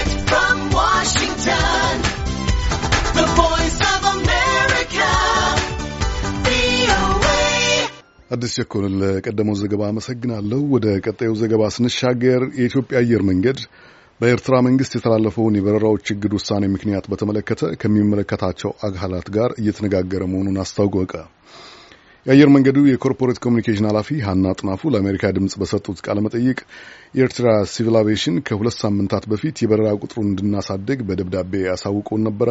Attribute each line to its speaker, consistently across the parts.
Speaker 1: direct from Washington, the voice of America, VOA.
Speaker 2: አዲስ ቸኮልን ለቀደመው ዘገባ አመሰግናለሁ። ወደ ቀጣዩ ዘገባ ስንሻገር የኢትዮጵያ አየር መንገድ በኤርትራ መንግስት የተላለፈውን የበረራዎች እግድ ውሳኔ ምክንያት በተመለከተ ከሚመለከታቸው አካላት ጋር እየተነጋገረ መሆኑን አስታወቀ። የአየር መንገዱ የኮርፖሬት ኮሚኒኬሽን ኃላፊ ሀና ጥናፉ ለአሜሪካ ድምፅ በሰጡት ቃለ መጠይቅ የኤርትራ ሲቪል አቪዬሽን ከሁለት ሳምንታት በፊት የበረራ ቁጥሩን እንድናሳድግ በደብዳቤ ያሳውቀውን ነበረ።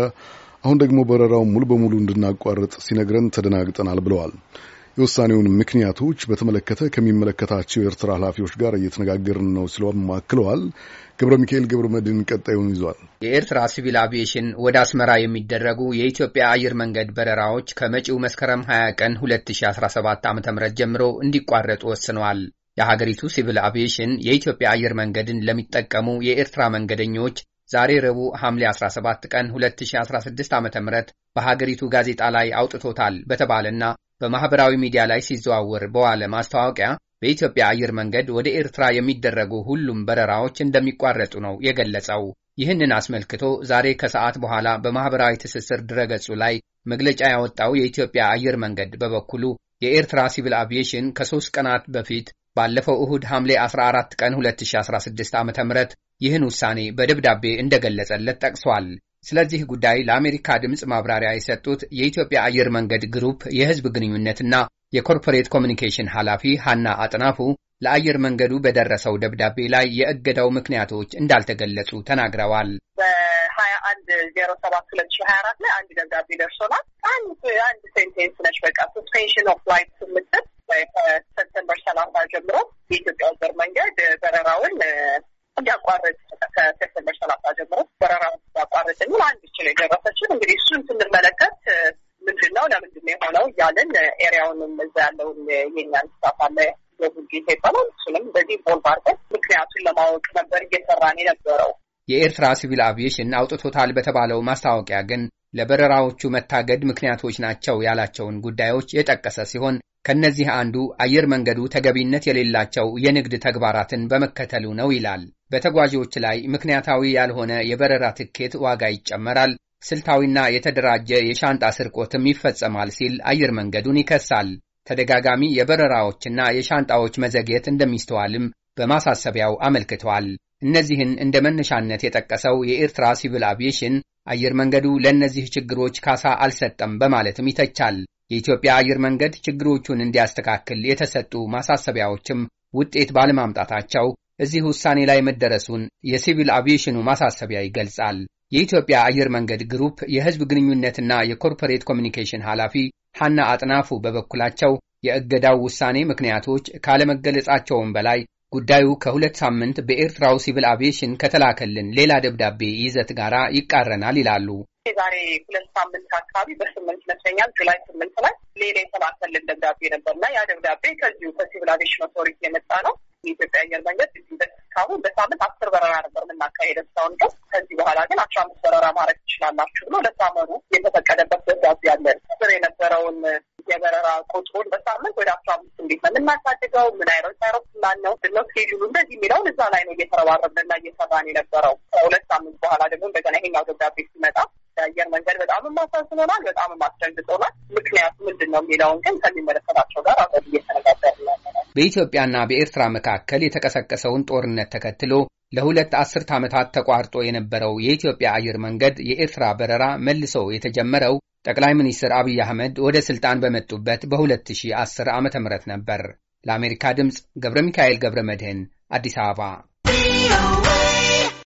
Speaker 2: አሁን ደግሞ በረራውን ሙሉ በሙሉ እንድናቋርጥ ሲነግረን ተደናግጠናል ብለዋል። የውሳኔውን ምክንያቶች በተመለከተ ከሚመለከታቸው የኤርትራ ኃላፊዎች ጋር እየተነጋገርን ነው ሲለም አክለዋል። ገብረ ሚካኤል ገብረ መድን ቀጣዩን ይዟል።
Speaker 3: የኤርትራ ሲቪል አቪዬሽን ወደ አስመራ የሚደረጉ የኢትዮጵያ አየር መንገድ በረራዎች ከመጪው መስከረም 20 ቀን 2017 ዓ ም ጀምሮ እንዲቋረጡ ወስነዋል። የሀገሪቱ ሲቪል አቪዬሽን የኢትዮጵያ አየር መንገድን ለሚጠቀሙ የኤርትራ መንገደኞች ዛሬ ረቡዕ ሐምሌ 17 ቀን 2016 ዓ ም በሀገሪቱ ጋዜጣ ላይ አውጥቶታል በተባለና በማኅበራዊ ሚዲያ ላይ ሲዘዋወር በዋለ ማስታወቂያ በኢትዮጵያ አየር መንገድ ወደ ኤርትራ የሚደረጉ ሁሉም በረራዎች እንደሚቋረጡ ነው የገለጸው። ይህንን አስመልክቶ ዛሬ ከሰዓት በኋላ በማኅበራዊ ትስስር ድረገጹ ላይ መግለጫ ያወጣው የኢትዮጵያ አየር መንገድ በበኩሉ የኤርትራ ሲቪል አቪዬሽን ከሦስት ቀናት በፊት ባለፈው እሁድ ሐምሌ 14 ቀን 2016 ዓ ም ይህን ውሳኔ በደብዳቤ እንደገለጸለት ጠቅሷል። ስለዚህ ጉዳይ ለአሜሪካ ድምፅ ማብራሪያ የሰጡት የኢትዮጵያ አየር መንገድ ግሩፕ የህዝብ ግንኙነትና የኮርፖሬት ኮሚኒኬሽን ኃላፊ ሀና አጥናፉ ለአየር መንገዱ በደረሰው ደብዳቤ ላይ የእገዳው ምክንያቶች እንዳልተገለጹ ተናግረዋል።
Speaker 1: በሀያ አንድ ዜሮ ሰባት ሁለት ሺ ሀያ አራት ላይ አንድ ደብዳቤ ደርሶናል። አንድ አንድ ሴንቴንስ ነች። በቃ ሰስፔንሽን ኦፍ ላይት ስምትል ከሰፕተምበር ሰላሳ ጀምሮ የኢትዮጵያ አየር መንገድ በረራውን እንዲያቋርጥ ከሰፕተምበር ሰላሳ ጀምሮ ስንል አንድ ች ነው የደረሰችን። እንግዲህ እሱን ስንመለከት ምንድን ነው ለምንድን ነው የሆነው እያለን ኤሪያውንም እዛ ያለውን የኛ ስታፍ አለ የቡልጌታ ይባላል እሱንም በዚህ ቦልባርበት ምክንያቱን ለማወቅ ነበር እየሰራን የነበረው።
Speaker 3: የኤርትራ ሲቪል አቪዬሽን አውጥቶታል በተባለው ማስታወቂያ ግን ለበረራዎቹ መታገድ ምክንያቶች ናቸው ያላቸውን ጉዳዮች የጠቀሰ ሲሆን ከእነዚህ አንዱ አየር መንገዱ ተገቢነት የሌላቸው የንግድ ተግባራትን በመከተሉ ነው ይላል። በተጓዦች ላይ ምክንያታዊ ያልሆነ የበረራ ትኬት ዋጋ ይጨመራል፣ ስልታዊና የተደራጀ የሻንጣ ስርቆትም ይፈጸማል ሲል አየር መንገዱን ይከሳል። ተደጋጋሚ የበረራዎችና የሻንጣዎች መዘግየት እንደሚስተዋልም በማሳሰቢያው አመልክቷል። እነዚህን እንደ መነሻነት የጠቀሰው የኤርትራ ሲቪል አቪዬሽን አየር መንገዱ ለእነዚህ ችግሮች ካሳ አልሰጠም በማለትም ይተቻል። የኢትዮጵያ አየር መንገድ ችግሮቹን እንዲያስተካክል የተሰጡ ማሳሰቢያዎችም ውጤት ባለማምጣታቸው እዚህ ውሳኔ ላይ መደረሱን የሲቪል አቪዬሽኑ ማሳሰቢያ ይገልጻል። የኢትዮጵያ አየር መንገድ ግሩፕ የሕዝብ ግንኙነትና የኮርፖሬት ኮሚኒኬሽን ኃላፊ ሐና አጥናፉ በበኩላቸው የእገዳው ውሳኔ ምክንያቶች ካለመገለጻቸውም በላይ ጉዳዩ ከሁለት ሳምንት በኤርትራው ሲቪል አቪዬሽን ከተላከልን ሌላ ደብዳቤ ይዘት ጋር ይቃረናል ይላሉ።
Speaker 1: ዛሬ ሁለት ሳምንት አካባቢ በስምንት ይመስለኛል ጁላይ ስምንት ላይ ሌላ የተላከልን ደብዳቤ ነበር እና ያ ደብዳቤ ከዚሁ ከሲቪል አቪዬሽን ኦቶሪቲ የመጣ ነው። የኢትዮጵያ አየር መንገድ እስካሁን በሳምንት አስር በረራ ነበር የምናካሄደ እስካሁን ድረስ። ከዚህ በኋላ ግን አስራ አምስት በረራ ማድረግ ትችላላችሁ ብሎ ለሳመሩ የተፈቀደበት ደብዳቤ ያለን ስር የነበረውን የበረራ ቁጥሩን በሳምንት ወደ አስራ አምስት እንዴት ነው የምናሳድገው? ምን አይነት አይሮፕላን ነው ነው ስኬጁሉ እንደዚህ የሚለውን እዛ ላይ ነው እየተረባረብንና እየሰራን የነበረው። ከሁለት ሳምንት በኋላ ደግሞ እንደገና ይሄኛው ደብዳቤ ሲመጣ የአየር መንገድ በጣም የማሳዝኖናል፣ በጣም የማስደንግጦናል። ምክንያቱ ምንድን ነው የሚለውን ግን ከሚመለከታቸው ጋር አብረን እየተነጋገርን
Speaker 3: ያለናል። በኢትዮጵያና በኤርትራ መካከል የተቀሰቀሰውን ጦርነት ተከትሎ ለሁለት አስርት ዓመታት ተቋርጦ የነበረው የኢትዮጵያ አየር መንገድ የኤርትራ በረራ መልሶ የተጀመረው ጠቅላይ ሚኒስትር አብይ አህመድ ወደ ስልጣን በመጡበት በ2010 ዓ.ም ነበር። ለአሜሪካ ድምፅ ገብረ ሚካኤል ገብረ መድህን አዲስ
Speaker 1: አበባ